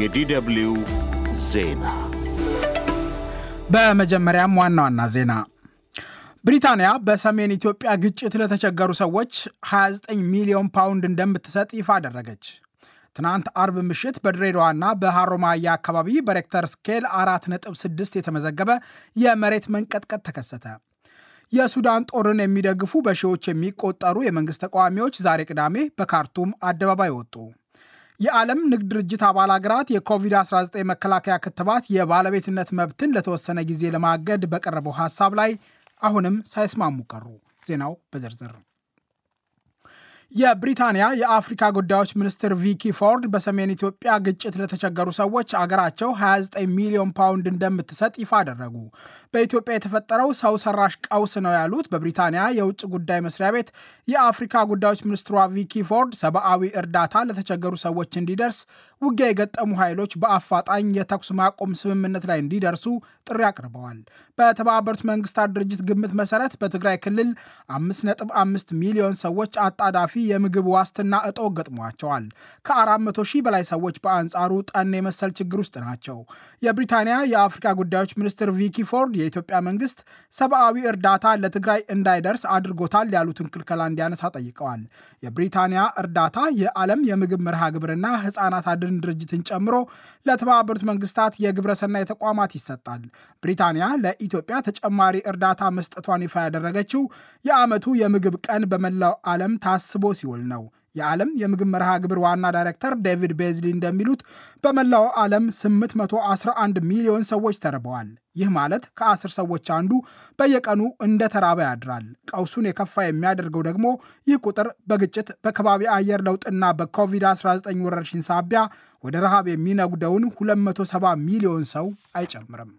የዲደብሊው ዜና። በመጀመሪያም ዋና ዋና ዜና ብሪታንያ በሰሜን ኢትዮጵያ ግጭት ለተቸገሩ ሰዎች 29 ሚሊዮን ፓውንድ እንደምትሰጥ ይፋ አደረገች። ትናንት አርብ ምሽት በድሬዳዋና በሐሮማያ አካባቢ በሬክተር ስኬል 4.6 የተመዘገበ የመሬት መንቀጥቀጥ ተከሰተ። የሱዳን ጦርን የሚደግፉ በሺዎች የሚቆጠሩ የመንግሥት ተቃዋሚዎች ዛሬ ቅዳሜ በካርቱም አደባባይ ወጡ። የዓለም ንግድ ድርጅት አባል ሀገራት የኮቪድ-19 መከላከያ ክትባት የባለቤትነት መብትን ለተወሰነ ጊዜ ለማገድ በቀረበው ሀሳብ ላይ አሁንም ሳይስማሙ ቀሩ። ዜናው በዝርዝር የብሪታንያ የአፍሪካ ጉዳዮች ሚኒስትር ቪኪ ፎርድ በሰሜን ኢትዮጵያ ግጭት ለተቸገሩ ሰዎች አገራቸው 29 ሚሊዮን ፓውንድ እንደምትሰጥ ይፋ አደረጉ። በኢትዮጵያ የተፈጠረው ሰው ሰራሽ ቀውስ ነው ያሉት በብሪታንያ የውጭ ጉዳይ መስሪያ ቤት የአፍሪካ ጉዳዮች ሚኒስትሯ ቪኪ ፎርድ ሰብአዊ እርዳታ ለተቸገሩ ሰዎች እንዲደርስ ውጊያ የገጠሙ ኃይሎች በአፋጣኝ የተኩስ ማቆም ስምምነት ላይ እንዲደርሱ ጥሪ አቅርበዋል። በተባበሩት መንግስታት ድርጅት ግምት መሰረት በትግራይ ክልል 5.5 ሚሊዮን ሰዎች አጣዳፊ የምግብ ዋስትና እጦ ገጥሟቸዋል። ከ400 ሺህ በላይ ሰዎች በአንጻሩ ጠን የመሰል ችግር ውስጥ ናቸው። የብሪታንያ የአፍሪካ ጉዳዮች ሚኒስትር ቪኪ ፎርድ የኢትዮጵያ መንግስት ሰብአዊ እርዳታ ለትግራይ እንዳይደርስ አድርጎታል ያሉትን ክልከላ እንዲያነሳ ጠይቀዋል። የብሪታንያ እርዳታ የዓለም የምግብ መርሃ ግብርና ህጻናት አድር የመድን ድርጅትን ጨምሮ ለተባበሩት መንግስታት የግብረሰናይ ተቋማት ይሰጣል። ብሪታንያ ለኢትዮጵያ ተጨማሪ እርዳታ መስጠቷን ይፋ ያደረገችው የዓመቱ የምግብ ቀን በመላው ዓለም ታስቦ ሲውል ነው። የዓለም የምግብ መርሃ ግብር ዋና ዳይሬክተር ዴቪድ ቤዝሊ እንደሚሉት በመላው ዓለም 811 ሚሊዮን ሰዎች ተርበዋል። ይህ ማለት ከአስር ሰዎች አንዱ በየቀኑ እንደ ተራበ ያድራል። ቀውሱን የከፋ የሚያደርገው ደግሞ ይህ ቁጥር በግጭት በከባቢ አየር ለውጥና በኮቪድ-19 ወረርሽኝ ሳቢያ ወደ ረሃብ የሚነጉደውን 270 ሚሊዮን ሰው አይጨምርም።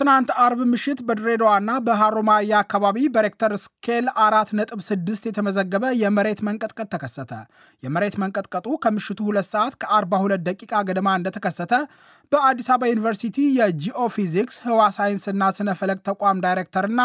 ትናንት አርብ ምሽት በድሬዳዋና በሐሮማያ አካባቢ በሬክተር ስኬል አራት ነጥብ ስድስት የተመዘገበ የመሬት መንቀጥቀጥ ተከሰተ። የመሬት መንቀጥቀጡ ከምሽቱ ሁለት ሰዓት ከ42 ደቂቃ ገደማ እንደተከሰተ በአዲስ አበባ ዩኒቨርሲቲ የጂኦፊዚክስ ህዋ ሳይንስና ስነ ፈለግ ተቋም ዳይሬክተርና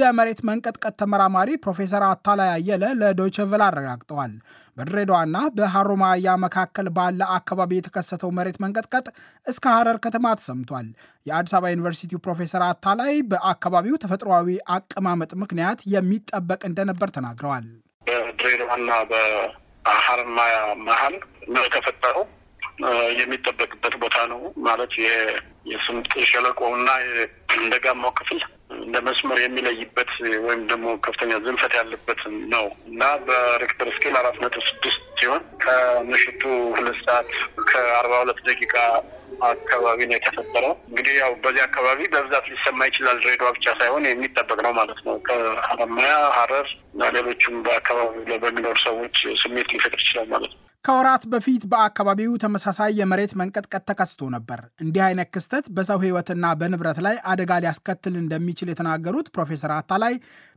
የመሬት መንቀጥቀጥ ተመራማሪ ፕሮፌሰር አታላይ አየለ ለዶይቸ ቬለ አረጋግጠዋል። በድሬዳዋና በሐሮማያ መካከል ባለ አካባቢ የተከሰተው መሬት መንቀጥቀጥ እስከ ሐረር ከተማ ተሰምቷል። የአዲስ አበባ ዩኒቨርሲቲው ፕሮፌሰር አታላይ በአካባቢው ተፈጥሯዊ አቀማመጥ ምክንያት የሚጠበቅ እንደነበር ተናግረዋል። በድሬዳዋና በሐረማያ መሀል ነው የተፈጠረው። የሚጠበቅበት ቦታ ነው ማለት የስምጥ ሸለቆውና የደጋማው ክፍል መስመር የሚለይበት ወይም ደግሞ ከፍተኛ ዝንፈት ያለበት ነው እና በሬክተር ስኬል አራት ነጥብ ስድስት ሲሆን ከምሽቱ ሁለት ሰዓት ከአርባ ሁለት ደቂቃ አካባቢ ነው የተፈጠረው። እንግዲህ ያው በዚህ አካባቢ በብዛት ሊሰማ ይችላል። ድሬዳዋ ብቻ ሳይሆን የሚጠበቅ ነው ማለት ነው። ከሀረማያ፣ ሀረር እና ሌሎችም በአካባቢ ላይ በሚኖሩ ሰዎች ስሜት ሊፈጥር ይችላል ማለት ነው። ከወራት በፊት በአካባቢው ተመሳሳይ የመሬት መንቀጥቀጥ ተከስቶ ነበር። እንዲህ አይነት ክስተት በሰው ሕይወትና በንብረት ላይ አደጋ ሊያስከትል እንደሚችል የተናገሩት ፕሮፌሰር አታላይ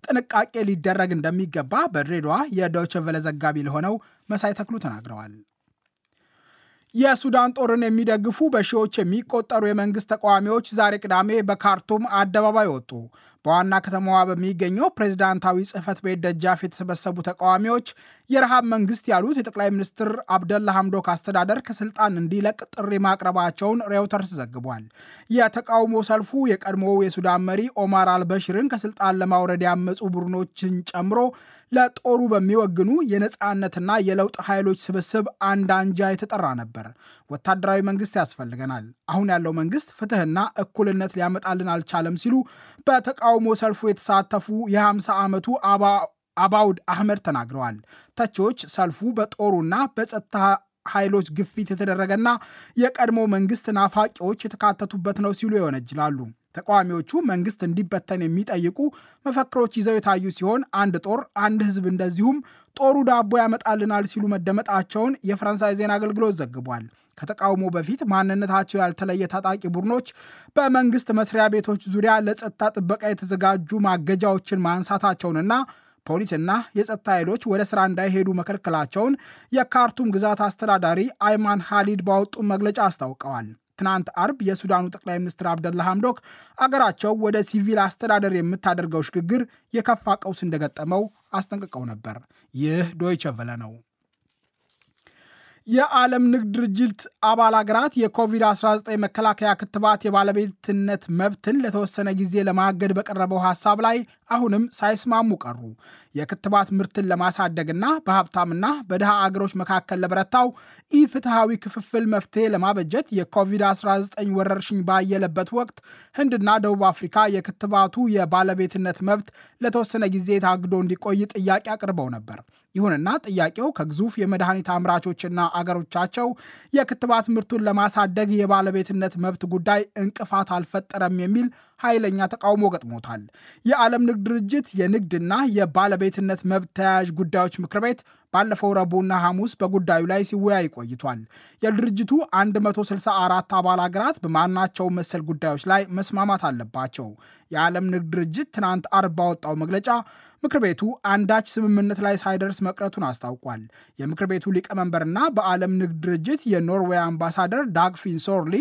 ጥንቃቄ ሊደረግ እንደሚገባ በድሬዳዋ የዶችቨለ ዘጋቢ ለሆነው መሳይ ተክሉ ተናግረዋል። የሱዳን ጦርን የሚደግፉ በሺዎች የሚቆጠሩ የመንግስት ተቃዋሚዎች ዛሬ ቅዳሜ በካርቱም አደባባይ ወጡ። በዋና ከተማዋ በሚገኘው ፕሬዝዳንታዊ ጽህፈት ቤት ደጃፍ የተሰበሰቡ ተቃዋሚዎች የረሃብ መንግስት ያሉት የጠቅላይ ሚኒስትር አብደላ ሐምዶክ አስተዳደር ከስልጣን እንዲለቅ ጥሪ ማቅረባቸውን ሬውተርስ ዘግቧል። የተቃውሞ ሰልፉ የቀድሞው የሱዳን መሪ ኦማር አልበሽርን ከስልጣን ለማውረድ ያመፁ ቡድኖችን ጨምሮ ለጦሩ በሚወግኑ የነፃነትና የለውጥ ኃይሎች ስብስብ አንድ አንጃ የተጠራ ነበር። ወታደራዊ መንግስት ያስፈልገናል፣ አሁን ያለው መንግስት ፍትህና እኩልነት ሊያመጣልን አልቻለም ሲሉ በተቃውሞ ሰልፉ የተሳተፉ የ50 ዓመቱ አባውድ አህመድ ተናግረዋል። ተቺዎች ሰልፉ በጦሩና በጸጥታ ኃይሎች ግፊት የተደረገና የቀድሞ መንግስት ናፋቂዎች የተካተቱበት ነው ሲሉ ይወነጅላሉ። ተቃዋሚዎቹ መንግስት እንዲበተን የሚጠይቁ መፈክሮች ይዘው የታዩ ሲሆን አንድ ጦር አንድ ህዝብ፣ እንደዚሁም ጦሩ ዳቦ ያመጣልናል ሲሉ መደመጣቸውን የፈረንሳይ ዜና አገልግሎት ዘግቧል። ከተቃውሞ በፊት ማንነታቸው ያልተለየ ታጣቂ ቡድኖች በመንግስት መስሪያ ቤቶች ዙሪያ ለጸጥታ ጥበቃ የተዘጋጁ ማገጃዎችን ማንሳታቸውንና ፖሊስና የጸጥታ ኃይሎች ወደ ስራ እንዳይሄዱ መከልከላቸውን የካርቱም ግዛት አስተዳዳሪ አይማን ሃሊድ ባወጡ መግለጫ አስታውቀዋል። ትናንት አርብ የሱዳኑ ጠቅላይ ሚኒስትር አብደላ ሐምዶክ አገራቸው ወደ ሲቪል አስተዳደር የምታደርገው ሽግግር የከፋ ቀውስ እንደገጠመው አስጠንቅቀው ነበር። ይህ ዶይቸ ቨለ ነው። የዓለም ንግድ ድርጅት አባል አገራት የኮቪድ-19 መከላከያ ክትባት የባለቤትነት መብትን ለተወሰነ ጊዜ ለማገድ በቀረበው ሐሳብ ላይ አሁንም ሳይስማሙ ቀሩ። የክትባት ምርትን ለማሳደግና በሀብታምና በድሃ አገሮች መካከል ለበረታው ኢፍትሐዊ ክፍፍል መፍትሄ ለማበጀት የኮቪድ-19 ወረርሽኝ ባየለበት ወቅት ህንድና ደቡብ አፍሪካ የክትባቱ የባለቤትነት መብት ለተወሰነ ጊዜ ታግዶ እንዲቆይ ጥያቄ አቅርበው ነበር። ይሁንና ጥያቄው ከግዙፍ የመድኃኒት አምራቾችና አገሮቻቸው የክትባት ምርቱን ለማሳደግ የባለቤትነት መብት ጉዳይ እንቅፋት አልፈጠረም የሚል ኃይለኛ ተቃውሞ ገጥሞታል። የዓለም ንግድ ድርጅት የንግድና የባለቤትነት መብት ተያያዥ ጉዳዮች ምክር ቤት ባለፈው ረቡዕና ሐሙስ በጉዳዩ ላይ ሲወያይ ቆይቷል። የድርጅቱ 164 አባል አገራት በማናቸው መሰል ጉዳዮች ላይ መስማማት አለባቸው። የዓለም ንግድ ድርጅት ትናንት አርብ ባወጣው መግለጫ ምክር ቤቱ አንዳች ስምምነት ላይ ሳይደርስ መቅረቱን አስታውቋል። የምክር ቤቱ ሊቀመንበርና በዓለም ንግድ ድርጅት የኖርዌይ አምባሳደር ዳግ ፊንሶርሊ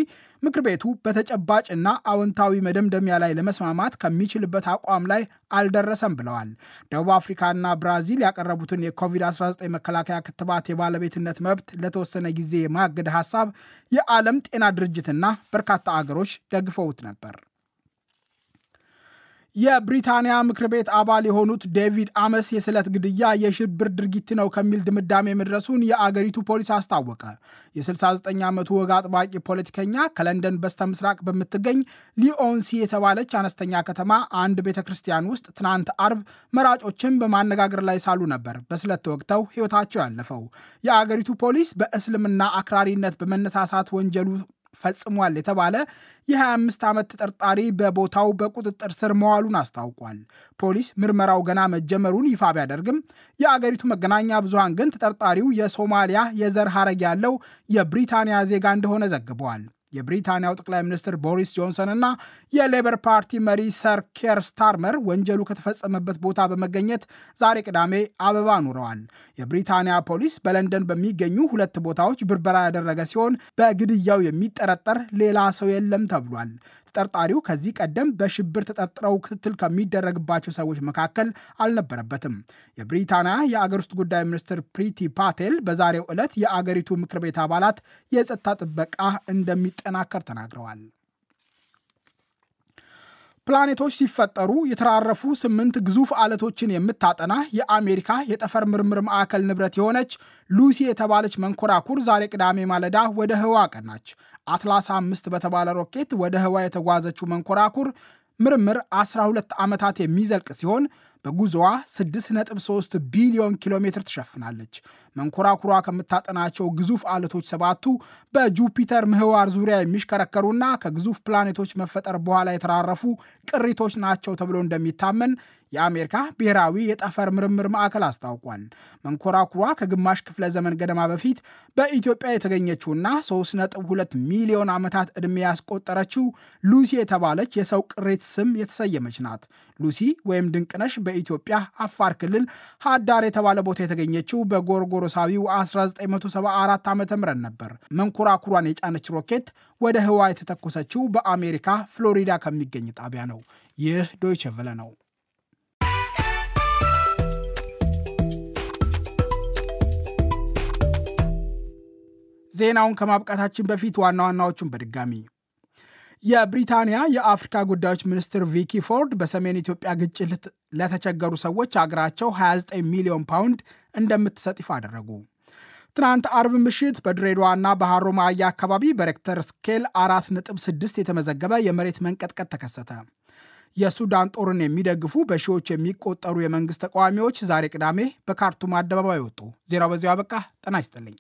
ምክር ቤቱ በተጨባጭና አዎንታዊ መደምደሚያ ላይ ለመስማማት ከሚችልበት አቋም ላይ አልደረሰም ብለዋል። ደቡብ አፍሪካና ብራዚል ያቀረቡትን የኮቪድ-19 መከላከያ ክትባት የባለቤትነት መብት ለተወሰነ ጊዜ የማገድ ሀሳብ የዓለም ጤና ድርጅትና በርካታ አገሮች ደግፈውት ነበር። የብሪታንያ ምክር ቤት አባል የሆኑት ዴቪድ አመስ የስለት ግድያ የሽብር ድርጊት ነው ከሚል ድምዳሜ መድረሱን የአገሪቱ ፖሊስ አስታወቀ። የ69 ዓመቱ ወግ አጥባቂ ፖለቲከኛ ከለንደን በስተ ምስራቅ በምትገኝ ሊኦንሲ የተባለች አነስተኛ ከተማ አንድ ቤተ ክርስቲያን ውስጥ ትናንት አርብ መራጮችን በማነጋገር ላይ ሳሉ ነበር በስለት ተወግተው ሕይወታቸው ያለፈው። የአገሪቱ ፖሊስ በእስልምና አክራሪነት በመነሳሳት ወንጀሉ ፈጽሟል የተባለ የ25 ዓመት ተጠርጣሪ በቦታው በቁጥጥር ስር መዋሉን አስታውቋል። ፖሊስ ምርመራው ገና መጀመሩን ይፋ ቢያደርግም የአገሪቱ መገናኛ ብዙሃን ግን ተጠርጣሪው የሶማሊያ የዘር ሐረግ ያለው የብሪታንያ ዜጋ እንደሆነ ዘግበዋል። የብሪታንያው ጠቅላይ ሚኒስትር ቦሪስ ጆንሰን እና የሌበር ፓርቲ መሪ ሰር ኬር ስታርመር ወንጀሉ ከተፈጸመበት ቦታ በመገኘት ዛሬ ቅዳሜ አበባ ኑረዋል። የብሪታንያ ፖሊስ በለንደን በሚገኙ ሁለት ቦታዎች ብርበራ ያደረገ ሲሆን በግድያው የሚጠረጠር ሌላ ሰው የለም ተብሏል። ተጠርጣሪው ከዚህ ቀደም በሽብር ተጠርጥረው ክትትል ከሚደረግባቸው ሰዎች መካከል አልነበረበትም። የብሪታንያ የአገር ውስጥ ጉዳይ ሚኒስትር ፕሪቲ ፓቴል በዛሬው ዕለት የአገሪቱ ምክር ቤት አባላት የጸጥታ ጥበቃ እንደሚጠናከር ተናግረዋል። ፕላኔቶች ሲፈጠሩ የተራረፉ ስምንት ግዙፍ አለቶችን የምታጠና የአሜሪካ የጠፈር ምርምር ማዕከል ንብረት የሆነች ሉሲ የተባለች መንኮራኩር ዛሬ ቅዳሜ ማለዳ ወደ ህዋ ቀናች። አትላስ አምስት በተባለ ሮኬት ወደ ህዋ የተጓዘችው መንኮራኩር ምርምር 12 ዓመታት የሚዘልቅ ሲሆን በጉዞዋ 6.3 ቢሊዮን ኪሎ ሜትር ትሸፍናለች። መንኮራኩሯ ከምታጠናቸው ግዙፍ አለቶች ሰባቱ በጁፒተር ምህዋር ዙሪያ የሚሽከረከሩና ከግዙፍ ፕላኔቶች መፈጠር በኋላ የተራረፉ ቅሪቶች ናቸው ተብሎ እንደሚታመን የአሜሪካ ብሔራዊ የጠፈር ምርምር ማዕከል አስታውቋል። መንኮራኩሯ ከግማሽ ክፍለ ዘመን ገደማ በፊት በኢትዮጵያ የተገኘችውና 3.2 ሚሊዮን ዓመታት ዕድሜ ያስቆጠረችው ሉሲ የተባለች የሰው ቅሪት ስም የተሰየመች ናት። ሉሲ ወይም ድንቅነሽ በኢትዮጵያ አፋር ክልል ሀዳር የተባለ ቦታ የተገኘችው በጎርጎሮሳዊው 1974 ዓ ም ነበር። መንኮራኩሯን የጫነች ሮኬት ወደ ህዋ የተተኮሰችው በአሜሪካ ፍሎሪዳ ከሚገኝ ጣቢያ ነው። ይህ ዶይቸ ቨለ ነው። ዜናውን ከማብቃታችን በፊት ዋና ዋናዎቹን በድጋሚ የብሪታንያ የአፍሪካ ጉዳዮች ሚኒስትር ቪኪ ፎርድ በሰሜን ኢትዮጵያ ግጭት ለተቸገሩ ሰዎች አገራቸው 29 ሚሊዮን ፓውንድ እንደምትሰጥ ይፋ አደረጉ። ትናንት አርብ ምሽት በድሬዳዋና በሃሮ ማያ አካባቢ በሬክተር ስኬል 4.6 የተመዘገበ የመሬት መንቀጥቀጥ ተከሰተ። የሱዳን ጦርን የሚደግፉ በሺዎች የሚቆጠሩ የመንግሥት ተቃዋሚዎች ዛሬ ቅዳሜ በካርቱም አደባባይ ወጡ። ዜናው በዚያው አበቃ። ጤና ይስጥልኝ።